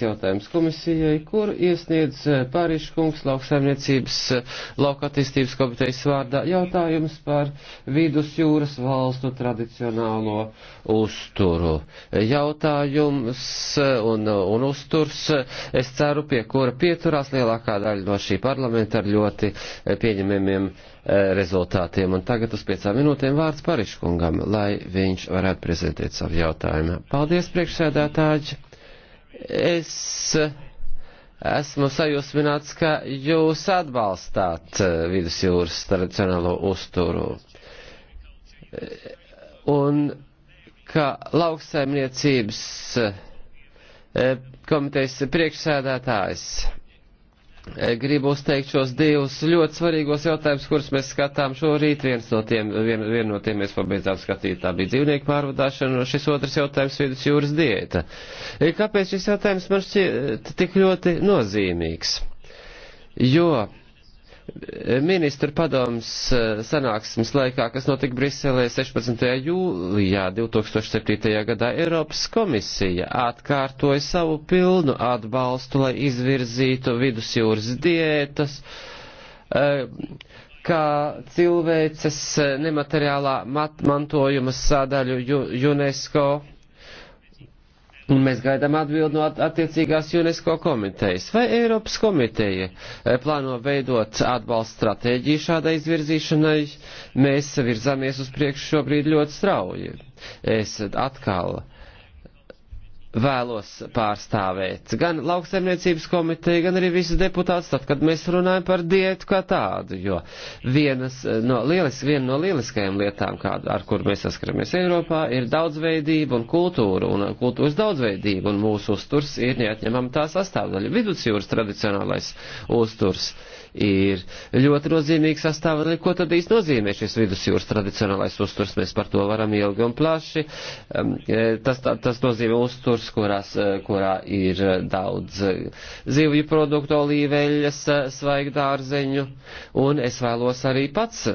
raksts jautājums komisijai, kur iesniedz eh, Pārišu kungs lauksaimniecības eh, laukatīstības komitejas vārdā jautājums par vidus jūras valstu tradicionālo uzturu. Jautājums eh, un, un uzturs, es ceru, pie kura pieturās lielākā daļa no šī parlamenta ar ļoti pieņemamiem rezultātiem. Un tagad uz piecām minūtēm vārds Pārišu kungam, lai viņš varētu prezentēt savu jautājumu. Paldies, priekšsēdētāji! Es esmu sajūsmināts, ka jūs atbalstāt vidusjūras tradicionālo uzturu. Un ka lauksaimniecības eh, komitejas priekšsēdētājs E, gribu uzteikt šos divus ļoti svarīgos jautājumus, kurus mēs skatām šorīt. Viens no tiem, vien, vien no tiem mēs pabeidzām skatīt, tā bija dzīvnieku pārvadāšana, un šis otrs jautājums - vidus jūras diēta. E, kāpēc šis jautājums man šķiet tik ļoti nozīmīgs? Jo ministru padomas eh, sanāksmes laikā, kas notika Briselē 16. jūlijā 2007. gadā, Eiropas komisija atkārtoja savu pilnu atbalstu, lai izvirzītu vidusjūras diētas, eh, kā cilvēces nemateriālā mantojuma sadaļu UNESCO Un mēs gaidām atbildi no attiecīgās UNESCO komitejas. Vai Eiropas komiteja eh, plāno veidot atbalstu stratēģiju šādai izvirzīšanai? Mēs virzamies uz priekšu šobrīd ļoti strauji. Es atkal uh, vēlos pārstāvēt gan lauksaimniecības komiteju, gan arī visus deputātus, tad, kad mēs runājam par dietu kā tādu, jo vienas eh, no, lielis, viena no lieliskajām lietām, kādu, ar kur mēs saskaramies Eiropā, ir daudzveidība un kultūra, un eh, kultūras daudzveidība, un mūsu uzturs ir neatņemama tā sastāvdaļa. Vidusjūras tradicionālais uzturs ir ļoti nozīmīga sastāvdaļa. Ko tad īsti nozīmē šis vidusjūras tradicionālais uzturs? Mēs par to varam ilgi un plaši. Ehm, eh, tas, tas nozīmē uzturs kultūras, kurās, eh, kurā ir eh, daudz eh, zivju produktu, olīveļas, svaigu dārzeņu, un es vēlos arī pats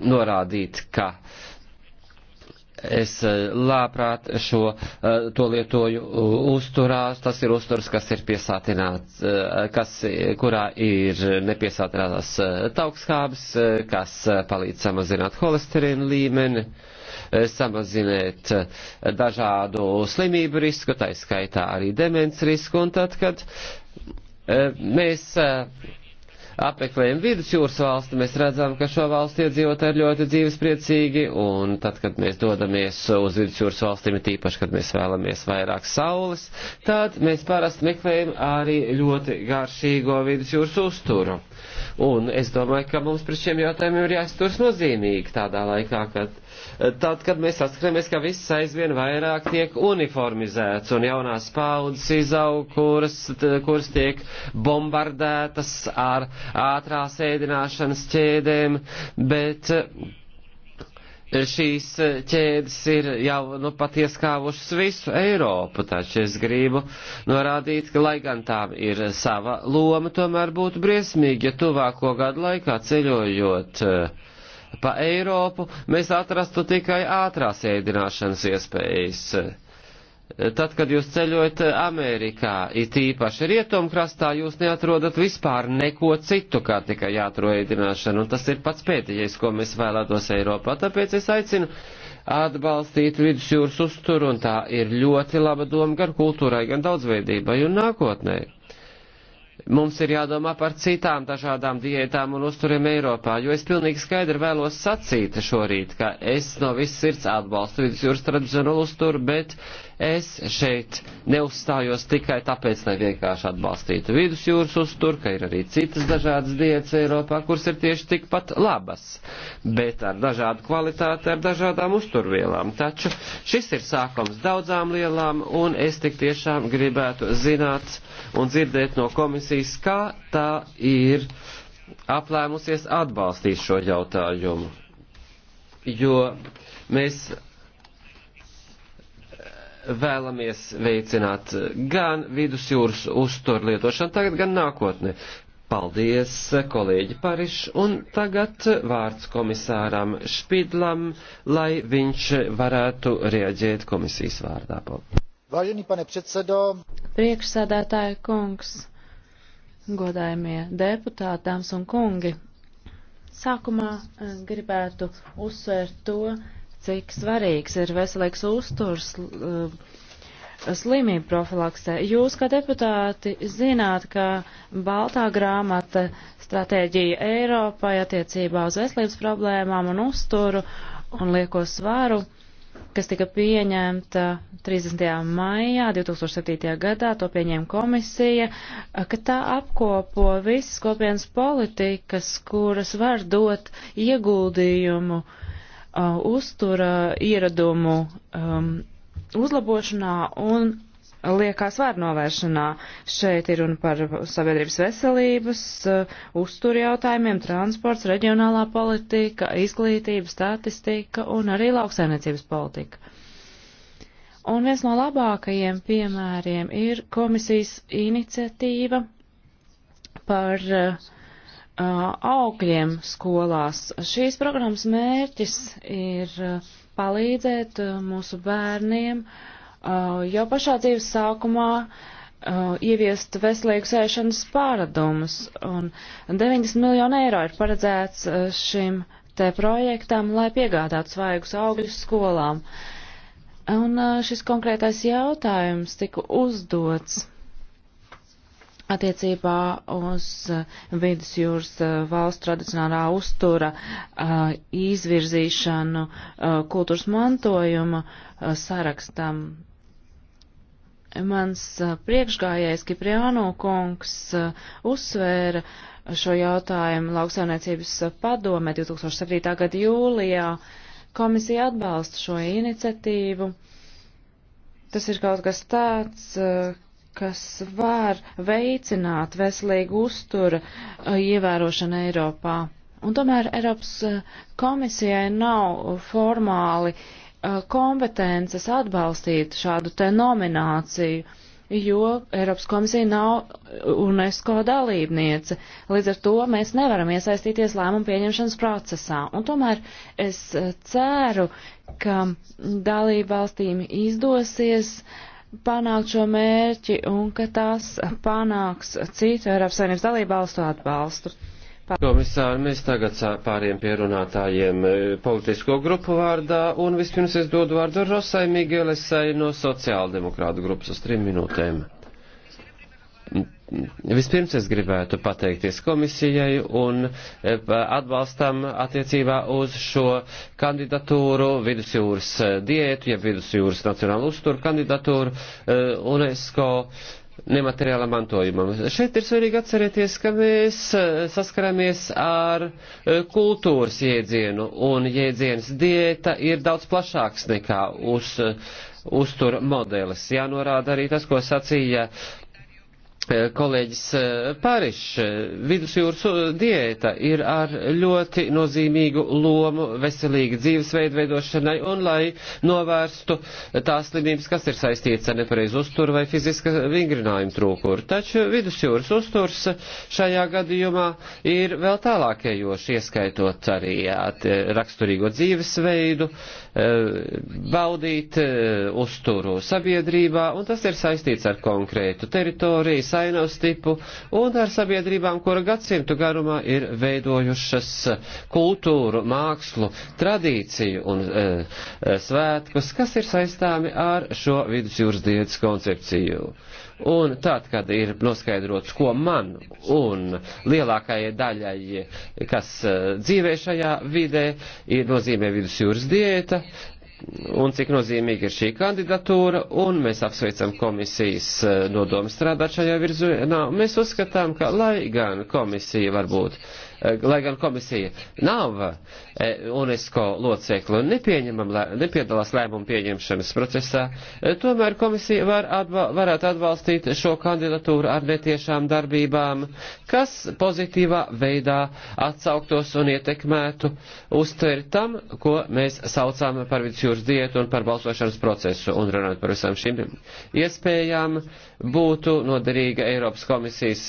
norādīt, ka es labprāt šo to lietoju uzturās, tas ir uzturs, kas ir piesātināts, kas, kurā ir nepiesātinātās taukskābes, kas palīdz samazināt holesterīnu līmeni samazināt eh, dažādu slimību risku, tā skaitā arī demens risku, un tad, kad eh, mēs eh, apmeklējam vidusjūras valsti, mēs redzam, ka šo valstu iedzīvotāji ir ļoti dzīvespriecīgi, un tad, kad mēs dodamies uz vidusjūras valstīm, ir tīpaši, kad mēs vēlamies vairāk saules, tad mēs parasti meklējam arī ļoti garšīgo vidusjūras uzturu. Un es domāju, ka mums pret šiem jautājumiem ir jāizturas nozīmīgi tādā laikā, kad tad, kad mēs saskaramies, ka viss aizvien vairāk tiek uniformizēts un jaunās paudzes izaug, kuras, kuras tiek bombardētas ar ātrās ēdināšanas ķēdēm, bet šīs e, ķēdes ir jau nu, pat ieskāvušas visu Eiropu, taču es gribu norādīt, ka lai gan tām ir sava loma, tomēr būtu briesmīgi, ja tuvāko gadu laikā ceļojot e, pa Eiropu, mēs atrastu tikai ātrās ēdināšanas iespējas Tad, kad jūs ceļojat Amerikā, it īpaši rietumkrastā, jūs neatrodat vispār neko citu, kā tikai jātro ēdināšanu, un tas ir pats pēdējais, ko mēs vēlētos Eiropā. Tāpēc es aicinu atbalstīt vidusjūras uzturu, un tā ir ļoti laba doma gan kultūrai, gan daudzveidībai un nākotnē. Mums ir jādomā par citām dažādām diētām un uzturiem Eiropā, jo es pilnīgi skaidri vēlos sacīt šorīt, ka es no viss sirds atbalstu vidusjūras tradicionālu uzturu, bet Es šeit neuzstājos tikai tāpēc, lai vienkārši atbalstītu vidusjūras uzturu, ka ir arī citas dažādas diets Eiropā, kuras ir tieši tikpat labas, bet ar dažādu kvalitāti, ar dažādām uzturvielām. Taču šis ir sākums daudzām lielām, un es tik tiešām gribētu zināt un dzirdēt no komisijas, kā tā ir aplēmusies atbalstīt šo jautājumu. Jo mēs vēlamies veicināt gan vidusjūras uzturu lietošanu tagad, gan nākotnē. Paldies, kolēģi Pariš, un tagad vārds komisāram Špidlam, lai viņš varētu rieģēt komisijas vārdā. Vāženi, pane predsedo. Priekšsēdētāja kungs, godājumie deputāti, dāmas un kungi. Sākumā eh, gribētu uzsvērt to, cik svarīgs ir veselīgs uzturs slimību profilaksē. Jūs, kā deputāti, zināt, ka Baltā grāmata stratēģija Eiropai attiecībā uz veselības problēmām un uzturu un lieko svaru, kas tika pieņemta 30. maijā 2007. gadā, to pieņēma komisija, ka tā apkopo visas kopienas politikas, kuras var dot ieguldījumu uh, uh, uztura ieradumu um, uzlabošanā un liekā svēru novēršanā. Šeit ir runa par sabiedrības veselības, uh, uzturu jautājumiem, transports, reģionālā politika, izglītība, statistika un arī lauksainiecības politika. Un viens no labākajiem piemēriem ir komisijas iniciatīva par uh, augļiem skolās. Šīs programmas mērķis ir palīdzēt mūsu bērniem jau pašā dzīves sākumā ieviest veselīgus ēšanas pārādumus. Un 90 miljonu eiro ir paredzēts šim te projektam, lai piegādātu svaigus augļus skolām. Un šis konkrētais jautājums tika uzdots attiecībā uz vidus jūras eh, valsts tradicionālā uztura eh, izvirzīšanu eh, kultūras mantojuma sarakstam. Mans priekšgājējs Kipriāno kungs uzsvēra šo jautājumu lauksaimniecības padome 2007. gada jūlijā. Komisija atbalsta šo iniciatīvu. Tas ir kaut kas tāds, kas var veicināt veselīgu uzturu uh, ievērošanu Eiropā. Un tomēr Eiropas uh, komisijai nav formāli uh, kompetences atbalstīt šādu te nomināciju, jo Eiropas komisija nav UNESCO dalībniece. Līdz ar to mēs nevaram iesaistīties lēmumu pieņemšanas procesā. Un tomēr es ceru, ka dalību valstīm izdosies uh, panākt šo mērķi un ka tās panāks citu Eiropas Savienības dalībvalstu atbalstu. Komisāri, mēs tagad pāriem pie runātājiem e, politisko grupu vārdā, un vispirms es dodu vārdu Rosai Miguelesai no sociāldemokrātu grupas uz trim minūtēm. Vispirms es gribētu pateikties komisijai un e, atbalstam attiecībā uz šo kandidatūru, vidusjūras e, diētu, ja vidusjūras nacionālu uzturu kandidatūru e, UNESCO nemateriāla mantojumam. Šeit ir svarīgi atcerēties, ka mēs saskaramies ar kultūras jēdzienu, un jēdziens diēta ir daudz plašāks nekā uz, uztur modelis. Jānorāda arī tas, ko sacīja Eh, kolēģis eh, Pārišs, eh, vidusjūras diēta ir ar ļoti nozīmīgu lomu veselīgu dzīvesveidu veidošanai un lai novērstu tās slimības, kas ir saistīts ar nepareizu uzturu vai fiziska vingrinājuma trūkuru. Taču vidusjūras uzturs šajā gadījumā ir vēl tālākajoši, ieskaitot arī raksturīgo dzīvesveidu, baudīt uzturu sabiedrībā, un tas ir saistīts ar konkrētu teritorijas sainaus tipu un ar sabiedrībām, kura gadsimtu garumā ir veidojušas kultūru, mākslu, tradīciju un e, e svētkus, kas ir saistāmi ar šo vidusjūras diētas koncepciju. Un tad, kad ir noskaidrots, ko man un lielākajai daļai, kas e, dzīvē šajā vidē, ir nozīmē vidusjūras diēta, un cik nozīmīga ir šī kandidatūra, un mēs apsveicam komisijas eh, nodomu strādāt šajā virzienā. Mēs uzskatām, ka lai gan komisija varbūt Eh, lai gan komisija nav eh, UNESCO locekla un nepiedalās lēmumu pieņemšanas procesā, eh, tomēr komisija var atbal, varētu atbalstīt šo kandidatūru ar netiešām darbībām, kas pozitīvā veidā atsauktos un ietekmētu uztveri tam, ko mēs saucām par vidusjūras dietu un par balsošanas procesu un runāt par visām šīm iespējām būtu noderīga Eiropas komisijas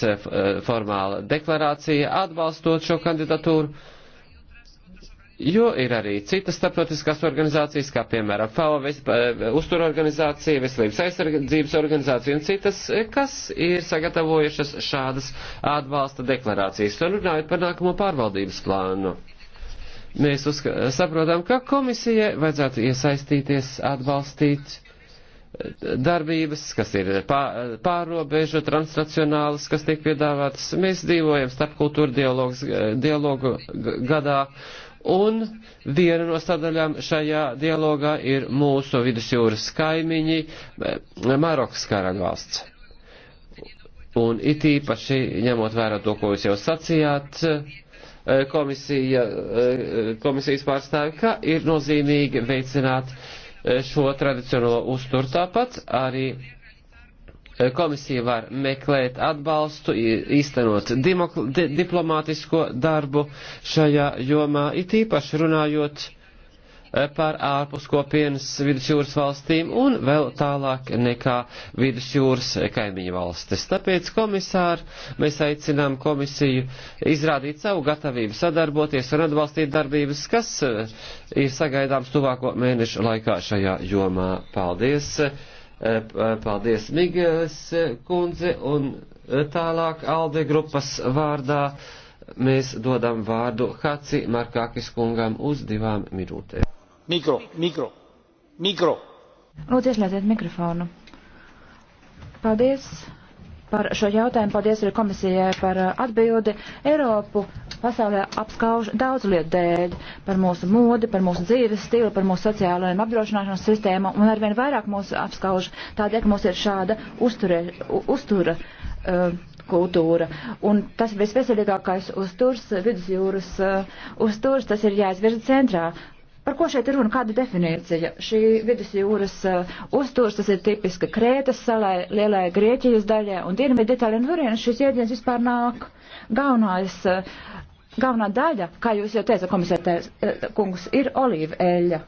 formāla deklarācija atbalstot pieņemot šo kandidatūru, jo ir arī citas starptautiskās organizācijas, kā piemēram FAO, ves, uzturorganizācija, veselības aizsardzības organizācija un citas, kas ir sagatavojušas šādas atbalsta deklarācijas. Un runājot par nākamo pārvaldības plānu. Mēs uzka, saprotam, ka komisijai vajadzētu iesaistīties, atbalstīt darbības, kas ir pārrobežu, transnacionālas, kas tiek piedāvātas. Mēs dzīvojam starpkultūra dialogu gadā, un viena no sadaļām šajā dialogā ir mūsu vidusjūras kaimiņi eh, Marokas karaļvalsts. Un it īpaši, ņemot vērā to, ko jūs jau sacījāt, eh, komisija, eh, komisijas pārstāvi, ka ir nozīmīgi veicināt uh, šo tradicionālo uzturu. Tāpat arī eh, komisija var meklēt atbalstu, īstenot diplomātisko darbu šajā jomā, it īpaši runājot Eh, par ārpuskopienas vidusjūras valstīm un vēl tālāk nekā vidusjūras kaimiņu valstis. Tāpēc, komisāri, mēs aicinām komisiju izrādīt savu gatavību sadarboties un atbalstīt darbības, kas eh, ir sagaidāms tuvāko mēnešu laikā šajā jomā. Paldies! Eh, paldies, Migēlis kundze, un tālāk Alde grupas vārdā mēs dodam vārdu Haci Markākis kungam uz divām minūtēm. Mikro, mikro, mikro. Lūdzu, ieslēdziet mikrofonu. Paldies par šo jautājumu, paldies arī komisijai par uh, atbildi. Eiropu pasaulē apskauž daudz lietu dēļ par mūsu modi, par mūsu dzīves stilu, par mūsu sociālajiem apdrošināšanas sistēmu, un arvien vairāk mūsu apskauž tādēļ, ka mums ir šāda uzturē, uztura. Uh, kultūra. Un tas visveselīgākais uzturs, vidusjūras uh, uzturs, tas ir jāizvirza centrā. Par ko šeit ir runa? Kāda definīcija? Šī vidusjūras uh, uzturs, tas ir tipiski Krētas salai, lielai Grieķijas daļai un Dienvidu Itālijai un Turienes šis jēdziens vispār nāk. Galvenais, uh, galvenā daļa, kā jūs jau teicat, komisārtais uh, kungs, ir olīva eļļa.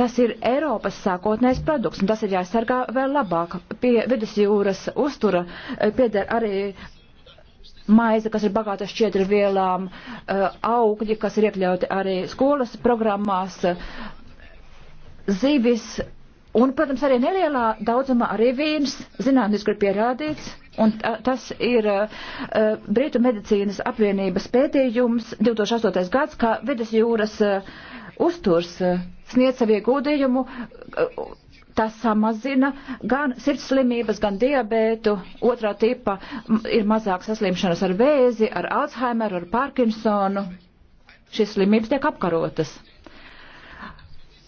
Tas ir Eiropas sākotnējs produkts, un tas ir jāsargā vēl labāk. Pie vidusjūras uztura uh, pieder arī maize, kas ir bagāta šķiedri vielām, eh, augļi, kas ir iekļauti arī skolas programmās, eh, zivis un, protams, arī nelielā daudzumā arī vīns, zinātniski ir pierādīts, un tas ir eh, Britu medicīnas apvienības pētījums 2008. gads, kā vidas jūras uzturs sniedz savu ieguldījumu Tas samazina gan sirdslimības, gan diabētu. Otrā tipa ir mazāk saslimšanas ar vēzi, ar Alzheimeru, ar Parkinsonu. Šīs slimības tiek apkarotas.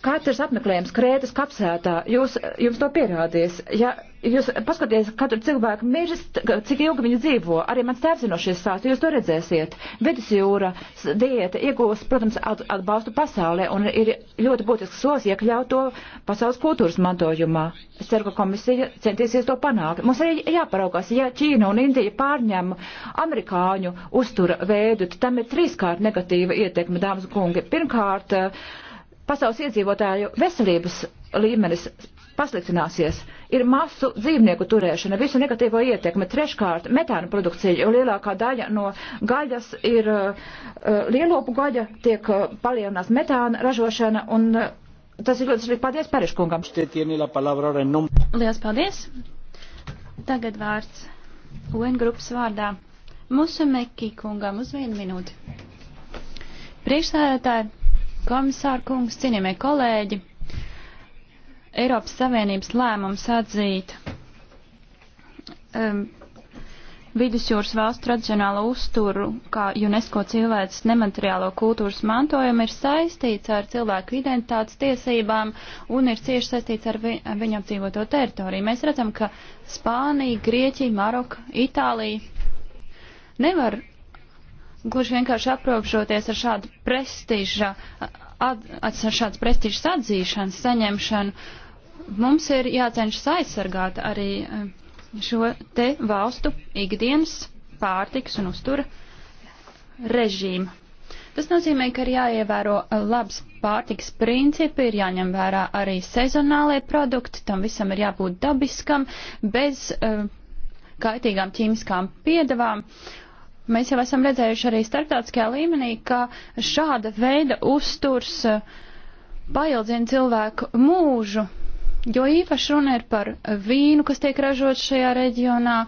Katrs apmeklējums Krētas kapsētā, jūs, jums to pierādīs. Ja jūs paskatieties, katru cilvēku mirst, cik ilgi viņi dzīvo, arī mans tēvs no šīs stāsts, jūs to redzēsiet. Vidusjūra diēta iegūs, protams, atbalstu pasaulē un ir ļoti būtisks solis iekļaut to pasaules kultūras mantojumā. Es ceru, ka komisija centīsies to panākt. Mums arī jāparaugās, ja Ķīna un Indija pārņem amerikāņu uztura veidu, tad tam ir trīskārt negatīva ietekme, dāmas un kungi. Pirmkārt, uh, pasaules iedzīvotāju veselības līmenis pasliktināsies, ir masu dzīvnieku turēšana, visu negatīvo ietekmi, treškārt metāna produkcija, jo lielākā daļa no gaļas ir uh, lielopu gaļa, tiek uh, palielinās metāna ražošana, un uh, tas ir ļoti slikti. Paldies Periškungam. Lielas paldies. Tagad vārds UN grupas vārdā. Musu Mekī kungam uz vienu minūti. Priekšsēdētāji, Komisārkungs, cienījamie kolēģi, Eiropas Savienības lēmums atzīt um, vidusjūras valstu tradicionālo uzturu, kā UNESCO cilvēks nemateriālo kultūras mantojumu, ir saistīts ar cilvēku identitātes tiesībām un ir cieši saistīts ar, vi ar viņu apdzīvoto teritoriju. Mēs redzam, ka Spānija, Grieķija, Maroka, Itālija nevar gluži vienkārši aprobežoties ar šādu prestīža, at, ar šādas prestīžas atzīšanu, saņemšanu, mums ir jācenšas aizsargāt arī eh, šo te valstu ikdienas pārtiks un uztura režīmu. Tas nozīmē, ka ir jāievēro labs pārtiks principi, ir jāņem vērā arī sezonālie produkti, tam visam ir jābūt dabiskam, bez uh, kaitīgām ķīmiskām piedavām. Uh, Mēs jau esam redzējuši arī starptautiskajā līmenī, ka šāda veida uzturs eh, paildzina cilvēku mūžu, jo īpaši runa ir par vīnu, kas tiek ražots šajā reģionā,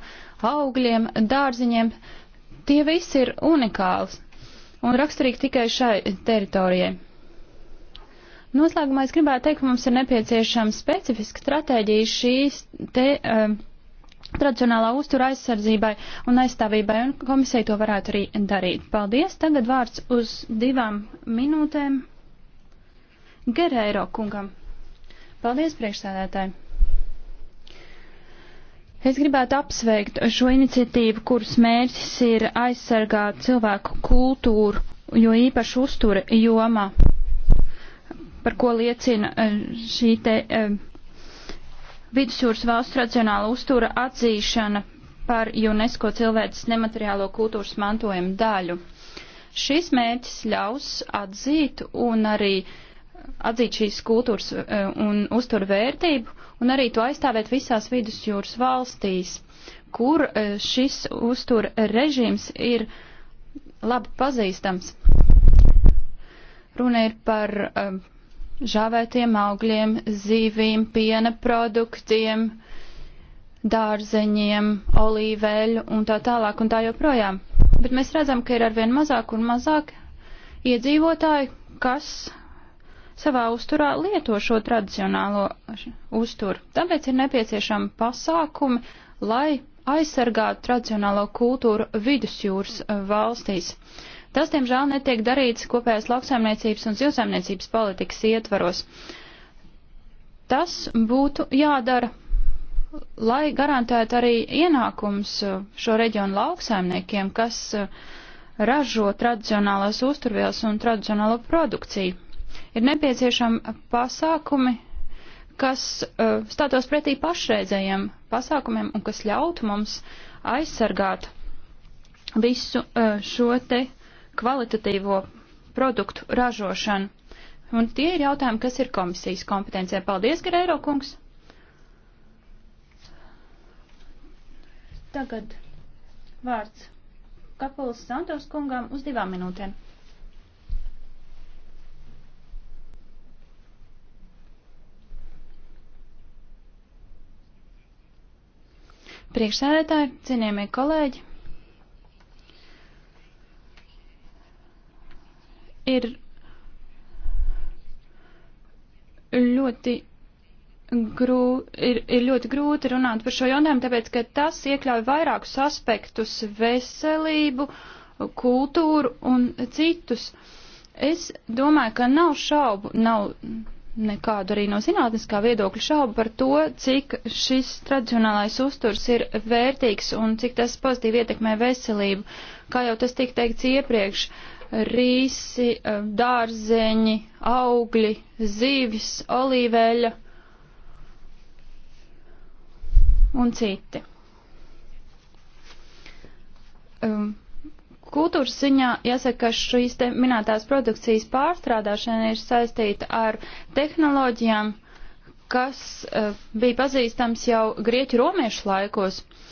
augļiem, dārziņiem. Tie visi ir unikāls un raksturīgi tikai šai teritorijai. Noslēgumā es gribētu teikt, ka mums ir nepieciešama specifiska stratēģija šīs te. Uh, um, tradicionālā uztura aizsardzībai un aizstāvībai, un komisija to varētu arī darīt. Paldies! Tagad vārds uz divām minūtēm Gerēro kungam. Paldies, priekšsēdētāji! Es gribētu apsveikt šo iniciatīvu, kuras mērķis ir aizsargāt cilvēku kultūru, jo īpaši uztura jomā, par ko liecina eh, šī te. Uh, vidusjūras valsts racionāla uztura atzīšana par UNESCO cilvēces nemateriālo kultūras mantojumu daļu. Šis mērķis ļaus atzīt un arī atzīt šīs kultūras e, un uzturu vērtību un arī to aizstāvēt visās vidusjūras valstīs, kur e, šis uztura režīms ir labi pazīstams. Runa ir par uh, žāvētiem augļiem, zīvīm, piena produktiem, dārzeņiem, olīveļu un tā tālāk un tā joprojām. Bet mēs redzam, ka ir arvien mazāk un mazāk iedzīvotāji, kas savā uzturā lieto šo tradicionālo uzturu. Tāpēc ir nepieciešama pasākumi, lai aizsargātu tradicionālo kultūru vidusjūras valstīs. Uh, Tas, diemžēl, netiek darīts kopējās lauksaimniecības un zivsaimniecības politikas ietvaros. Tas būtu jādara, lai garantētu arī ienākums uh, šo reģionu lauksaimniekiem, kas uh, ražo tradicionālās uzturvielas un tradicionālo produkciju. Ir nepieciešami pasākumi, kas uh, stātos pretī pašreizējiem pasākumiem un kas ļautu mums aizsargāt visu uh, šo te kvalitatīvo produktu ražošanu. Un tie ir jautājumi, kas ir komisijas kompetencija. Paldies, Gerēro kungs! Tagad vārds Kapulis Santos kungam uz divām minūtēm. Priekšsēdētāji, cienījamie kolēģi, ir ļoti grū, ir, ir ļoti grūti runāt par šo jautājumu, tāpēc, ka tas iekļauj vairākus aspektus - veselību, kultūru un citus. Es domāju, ka nav šaubu, nav nekādu arī no zinātniskā viedokļa šaubu par to, cik šis tradicionālais uzturs ir vērtīgs un cik tas pozitīvi ietekmē veselību, kā jau tas tika teikts iepriekš. Uh, rīsi, eh, dārzeņi, augļi, zīvis, olīveļa un citi. Um, kultūras ziņā jāsaka, ka šīs minētās produkcijas pārstrādāšana ir saistīta ar tehnoloģijām, kas eh, bija pazīstams jau grieķu romiešu laikos. Uh,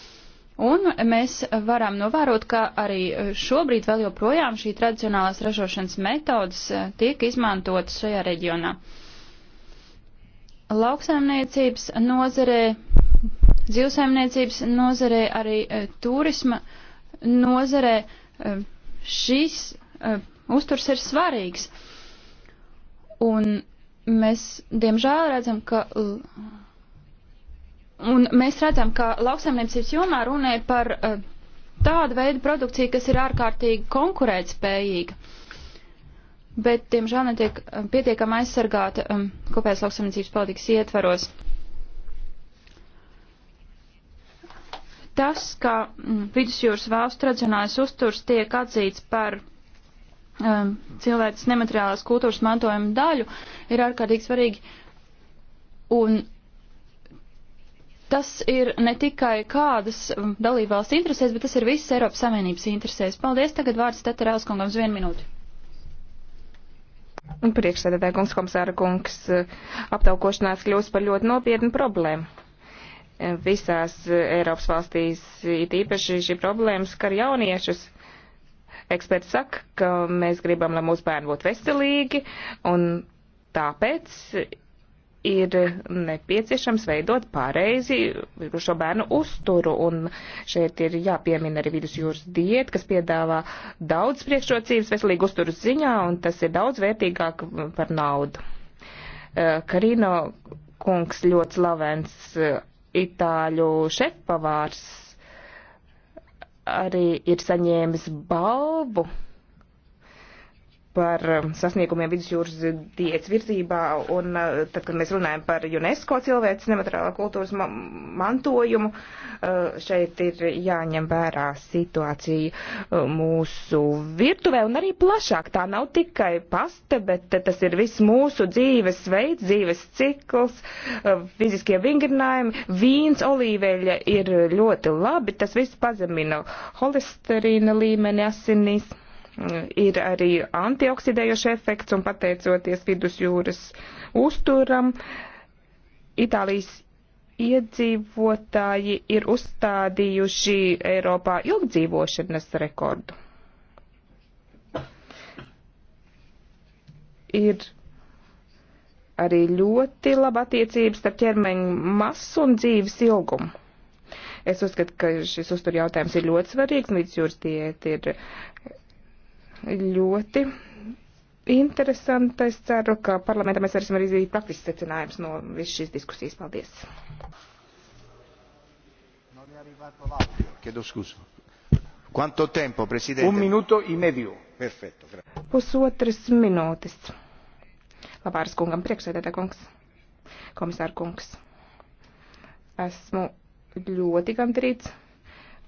Un mēs varam novērot, ka arī šobrīd vēl joprojām šī tradicionālās ražošanas metodas eh, tiek izmantotas šajā reģionā. Lauksaimniecības nozarē, dzīvsaimniecības nozarē, arī eh, turisma nozarē eh, šis uzturs ir svarīgs. Un mēs, diemžēl, redzam, ka Un mēs redzam, ka lauksaimniecības jomā runē par uh, tādu veidu produkciju, kas ir ārkārtīgi konkurētspējīga, bet, diemžēl, netiek eh, pietiekami aizsargāta um, kopējās lauksaimniecības politikas ietvaros. Tas, ka mm, vidusjūras valstu tradicionālais uzturs tiek atzīts par um, cilvēces nemateriālās kultūras mantojuma daļu, ir ārkārtīgi svarīgi. Un tas ir ne tikai kādas um, dalībvalsts interesēs, bet tas ir visas Eiropas Savienības interesēs. Paldies, tagad vārds Tētera Elskungam uz vienu minūti. Un priekšsēdētāja kungs, komisāra kungs, aptaukošanās kļūst par ļoti nopietnu problēmu. Visās Eiropas valstīs it īpaši šī problēma skar jauniešus. Eksperts saka, ka mēs gribam, lai mūsu bērni būtu veselīgi, un tāpēc ir nepieciešams veidot pareizi šo bērnu uzturu, un šeit ir jāpiemina arī vidusjūras diēta, kas piedāvā daudz priekšrocības veselīgu uzturu ziņā, un tas ir daudz vērtīgāk par naudu. Eh, Karino kungs ļoti slavens eh, itāļu šefpavārs arī ir saņēmis balvu par um, sasniegumiem vidusjūras diets virzībā, un uh, tad, kad mēs runājam par UNESCO cilvēces nemateriālā kultūras ma mantojumu, uh, šeit ir jāņem vērā situācija uh, mūsu virtuvē un arī plašāk. Tā nav tikai pasta, bet tas ir viss mūsu dzīves veids, dzīves cikls, fiziskie vingrinājumi, vīns, olīveļa ir ļoti labi, tas viss pazemina holesterīna līmeni asinīs ir arī antioksidējoši efekts un pateicoties vidusjūras uzturam, Itālijas iedzīvotāji ir uzstādījuši Eiropā ilgdzīvošanas rekordu. Ir arī ļoti laba attiecības starp ķermeņa masu un dzīves ilgumu. Es uzskatu, ka šis uztur jautājums ir ļoti svarīgs, līdz jūras diēta ir ļoti interesanta. Es ceru, ka parlamentā mēs varēsim arī izdarīt praktisks secinājums no visas šīs diskusijas. Paldies! Quanto tempo, Presidente? Un minuto e medio. Perfetto. Pusotras minūtes. Labāras kungam priekšsēdētā kungs. Komisāra kungs. Esmu ļoti gandrīz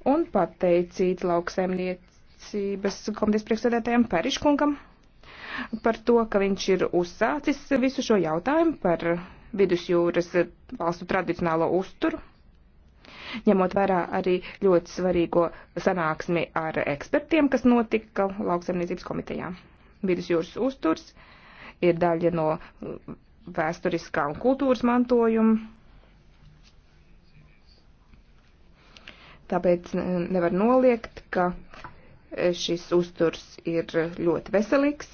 un pateicīts lauksaimniecības tiesības komitejas priekšsēdētājiem Periškungam par to, ka viņš ir uzsācis visu šo jautājumu par vidusjūras valstu tradicionālo uzturu, ņemot vērā arī ļoti svarīgo sanāksmi ar ekspertiem, kas notika lauksaimniecības komitejā. Vidusjūras uzturs ir daļa no vēsturiskā un kultūras mantojuma. Tāpēc nevar noliegt, ka šis uzturs ir ļoti veselīgs.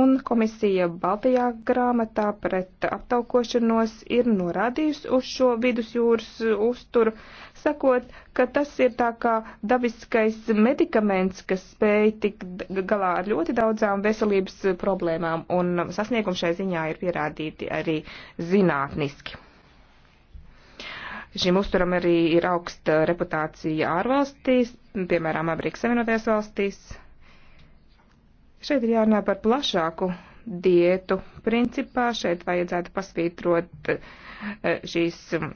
Un komisija Baltajā grāmatā pret aptaukošanos ir norādījusi uz šo vidusjūras uzturu, sakot, ka tas ir tā kā dabiskais medikaments, kas spēj tik galā ar ļoti daudzām veselības problēmām, un sasniegumi šai ziņā ir pierādīti arī zinātniski. Šim uzturam arī ir augsta reputācija ārvalstīs, piemēram, Amerikas Savienotajās valstīs. Šeit ir jārunā par plašāku dietu. Principā šeit vajadzētu pasvītrot eh, šīs mm,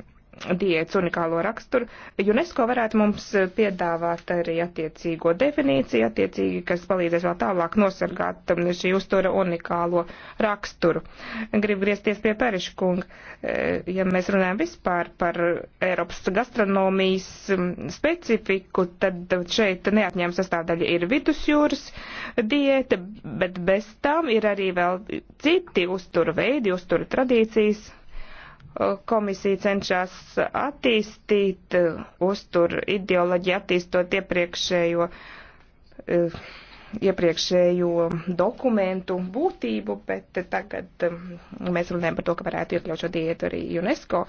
diētas unikālo raksturu. UNESCO varētu mums piedāvāt arī attiecīgo definīciju, attiecīgi, kas palīdzēs vēl tālāk nosargāt um, šī uztura unikālo raksturu. Gribu griezties pie Periškunga. E, ja mēs runājam vispār par Eiropas gastronomijas um, specifiku, tad šeit neatņēma sastāvdaļa ir vidusjūras diēta, bet bez tam ir arī vēl citi uztura veidi, uztura tradīcijas komisija cenšas attīstīt, uztur ideoloģiju attīstot iepriekšējo, eh, iepriekšējo dokumentu būtību, bet tagad mm, mēs runājam par to, ka varētu iekļaut šo diētu arī UNESCO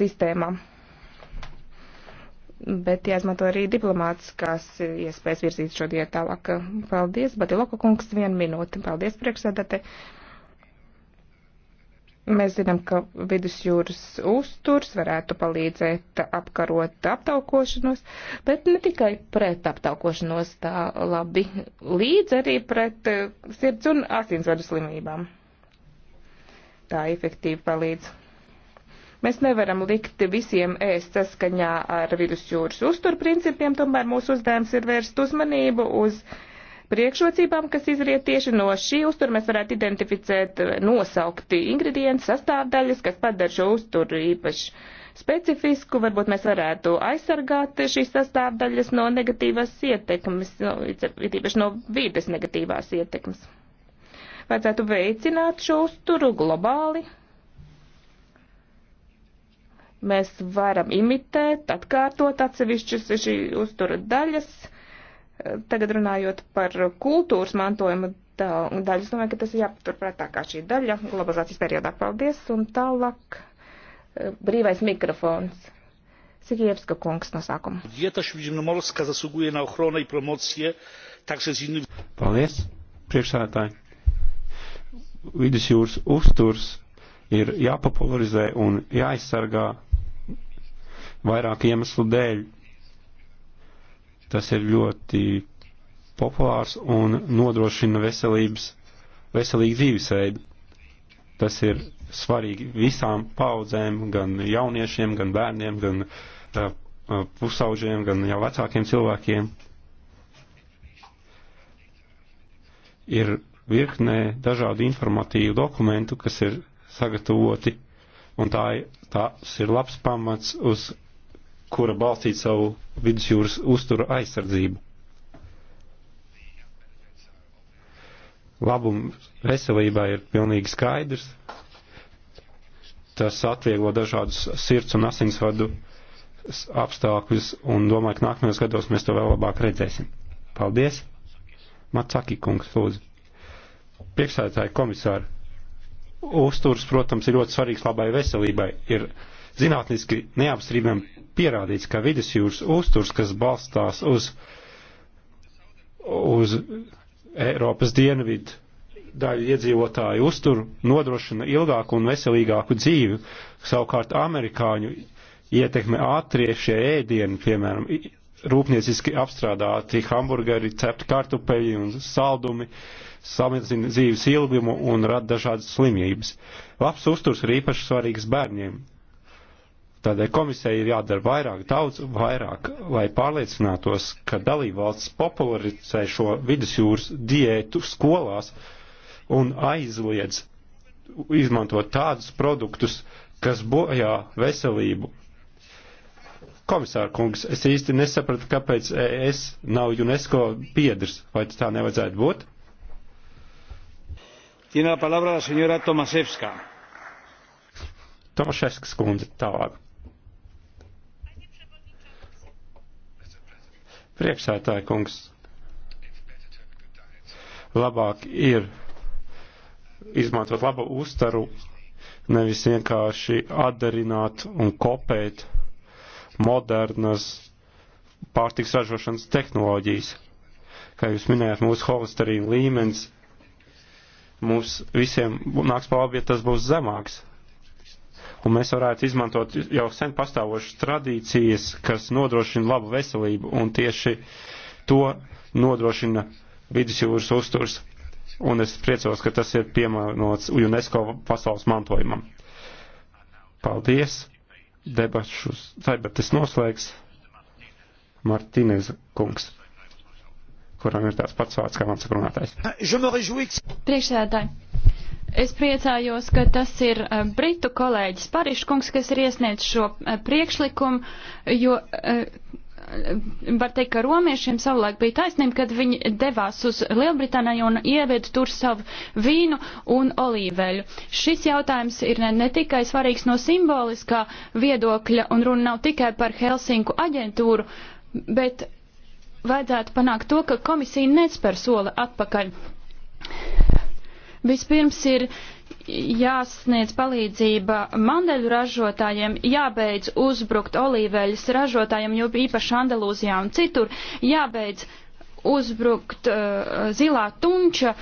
sistēmā. Bet jāizmanto arī diplomātiskās iespējas virzīt šo diētu tālāk. Paldies, Batiloka kungs, vienu minūti. Paldies, priekšsēdētāji. Mēs zinām, ka vidusjūras uzturs varētu palīdzēt apkarot aptaukošanos, bet ne tikai pret aptaukošanos tā labi, līdz arī pret eh, sirds un asinsvadu slimībām. Tā efektīvi palīdz. Mēs nevaram likt visiem ēst saskaņā ar vidusjūras uzturu principiem, tomēr mūsu uzdevums ir vērst uzmanību uz priekšrocībām, kas izriet tieši no šī uztura. Mēs varētu identificēt eh, nosaukti ingredienti, sastāvdaļas, kas padara šo uzturu īpaši specifisku, varbūt mēs varētu aizsargāt šīs sastāvdaļas no negatīvas ietekmes, no, īpaši no vides negatīvās ietekmes. Vajadzētu veicināt šo uzturu globāli. Mēs varam imitēt, atkārtot atsevišķus šī uztura daļas Tagad runājot par kultūras mantojuma daļu, es domāju, ka tas ir jāpaturprātā kā šī daļa globalizācijas periodā. Paldies, un tālāk e, brīvais mikrofons. Sigievska kungs no sākuma. Vieta Švidzimnomorska zasuguje na ochronu i promociju, takže z innym... Paldies, priekšsētāji. Vidusjūras uzturs ir jāpopularizē un jāaizsargā vairāk iemeslu dēļ Tas ir ļoti populārs un nodrošina veselības, veselīgu dzīvesveidu. Tas ir svarīgi visām paudzēm, gan jauniešiem, gan bērniem, gan uh, uh pusauģiem, gan jau vecākiem cilvēkiem. Ir virknē dažādu informatīvu dokumentu, kas ir sagatavoti, un tā, tās ir labs pamats, uz kura balstīt savu vidusjūras uzturu aizsardzību. Labums veselībai ir pilnīgi skaidrs. Tas atvieglo dažādus sirds un asinsvadu apstākļus un domāju, ka nākamajos gados mēs to vēl labāk redzēsim. Paldies! Matsaki kungs, lūdzu. Priekšsēdētāji komisāri, uzturs, protams, ir ļoti svarīgs labai veselībai. Ir zinātniski neapstrīdam pierādīts, ka vidusjūras uzturs, kas balstās uz, uz Eiropas dienvidu daļu iedzīvotāju uzturu, nodrošina ilgāku un veselīgāku dzīvi. Savukārt amerikāņu ietekme ātriešie ēdieni, piemēram, rūpnieciski apstrādāti hamburgeri, cepti kartupeļi un saldumi, samazina dzīves ilgumu un rada dažādas slimības. Labs uzturs ir īpaši svarīgs bērniem, Tādēļ komisija ir jādara vairāk, daudz vairāk, lai pārliecinātos, ka dalībvalsts popularizē šo vidusjūras diētu skolās un aizliedz izmantot tādus produktus, kas bojā veselību. Komisāra kungs, es īsti nesapratu, kāpēc es nav UNESCO biedrs, vai tā nevajadzētu būt? Tiene la palabra la señora Tomasevska. Tomaševskas kundze tālāk. Priekšsētāja kungs, labāk ir izmantot labu uztaru, nevis vienkārši atdarināt un kopēt modernas pārtiks ražošanas tehnoloģijas. Kā jūs minējāt, mūsu holesterīna līmenis mums visiem nāks pa labi, ja tas būs zemāks un mēs varētu izmantot jau sen pastāvošas tradīcijas, kas nodrošina labu veselību, un tieši to nodrošina vidusjūras uzturs, un es priecos, ka tas ir piemērots UNESCO pasaules mantojumam. Paldies! Debašus, debates noslēgs Martīnez kungs kuram ir tāds pats vārds kā mans runātājs. Priekšsēdētāji, Es priecājos, ka tas ir eh, britu kolēģis Pariškungs, kas ir iesniedz šo eh, priekšlikumu, jo eh, var teikt, ka romiešiem savulaik bija taisnība, kad viņi devās uz Lielbritāniju un ieved tur savu vīnu un olīveļu. Šis jautājums ir ne, ne tikai svarīgs no simboliskā viedokļa, un runa nav tikai par Helsinku aģentūru, bet vajadzētu panākt to, ka komisija nespēr soli atpakaļ. Vispirms ir jāsniedz palīdzība mandeļu ražotājiem, jābeidz uzbrukt olīveļas ražotājiem, jo īpaši Andalūzijā un citur, jābeidz uzbrukt uh, zilā tunča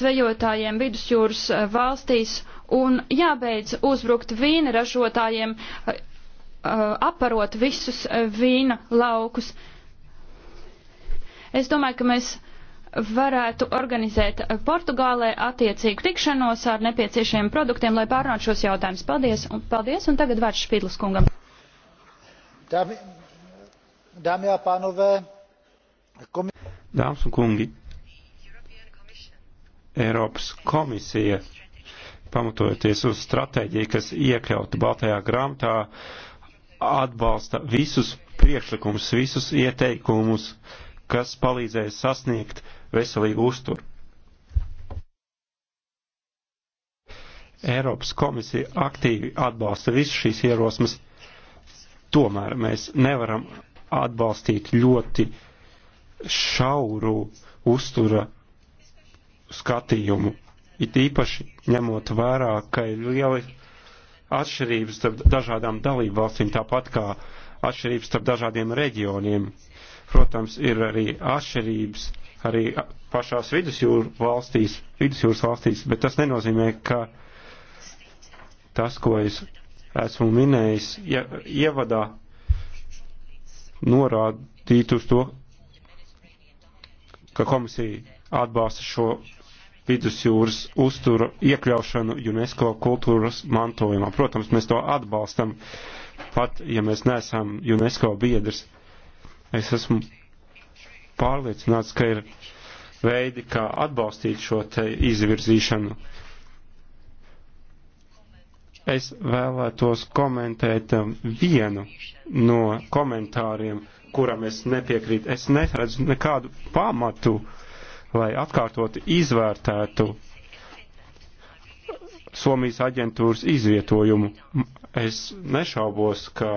zvejotājiem vidusjūras uh, valstīs un jābeidz uzbrukt vīna ražotājiem, uh, aparot visus uh, vīna laukus. Es domāju, ka mēs uh, varētu organizēt Portugālē attiecīgu tikšanos ar nepieciešajiem produktiem, lai pārnātu šos jautājumus. Paldies, un, paldies, un tagad vārds Špīdlis kungam. Dāmi, pānove, komi... Dāmas un kungi, Eiropas komisija, pamatojoties uz stratēģiju, kas iekļauta Baltajā grāmatā, atbalsta visus priekšlikumus, visus ieteikumus, kas palīdzēs sasniegt veselīgu uzturu. Eiropas komisija aktīvi atbalsta visu šīs ierosmes, tomēr mēs nevaram atbalstīt ļoti šauru uztura skatījumu, it īpaši ņemot vērā, ka ir lieli atšķirības starp dažādām dalību valstīm, tāpat kā atšķirības starp dažādiem reģioniem. Protams, ir arī atšķirības arī pašās vidusjūras valstīs, vidusjūras valstīs, bet tas nenozīmē, ka tas, ko es esmu minējis, ja, ievadā norādīt uz to, ka komisija atbalsta šo vidusjūras uzturu iekļaušanu UNESCO kultūras mantojumā. Protams, mēs to atbalstam, pat ja mēs neesam UNESCO biedrs. Es esmu pārliecināts, ka ir veidi, kā atbalstīt šo te izvirzīšanu. Es vēlētos komentēt um, vienu no komentāriem, kuram es nepiekrītu. Es neredzu nekādu pamatu, lai atkārtot izvērtētu Somijas aģentūras izvietojumu. Es nešaubos, ka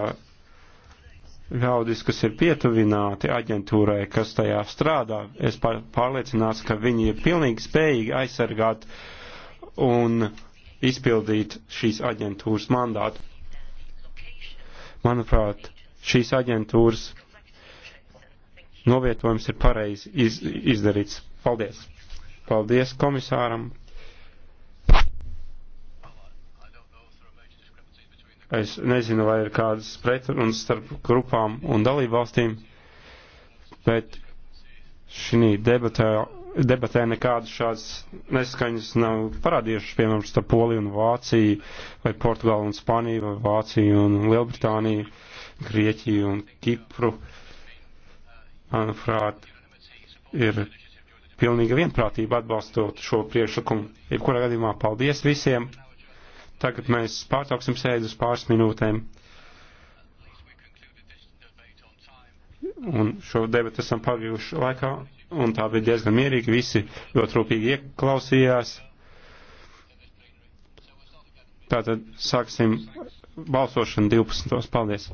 ļaudis, kas ir pietuvināti aģentūrai, kas tajā strādā, es pārliecināts, ka viņi ir pilnīgi spējīgi aizsargāt un izpildīt šīs aģentūras mandātu. Manuprāt, šīs aģentūras novietojums ir pareizi iz, izdarīts. Paldies! Paldies komisāram Es nezinu, vai ir kādas pretrunas starp grupām un dalību valstīm, bet šī debatē, debatē nekādas šādas neskaņas nav parādījušas, piemēram, starp Poliju un Vāciju, vai Portugālu un Spāniju, vai Vāciju un Lielbritāniju, Grieķiju un Kipru. Manuprāt, ir pilnīga vienprātība atbalstot šo priekšlikumu. Jebkurā gadījumā paldies visiem! Tagad mēs pārtrauksim sēdi uz pāris minūtēm. Un šo debatu esam pagrījuši laikā, un tā bija diezgan mierīgi. Visi ļoti rūpīgi ieklausījās. Tātad sāksim balsošanu 12. Paldies!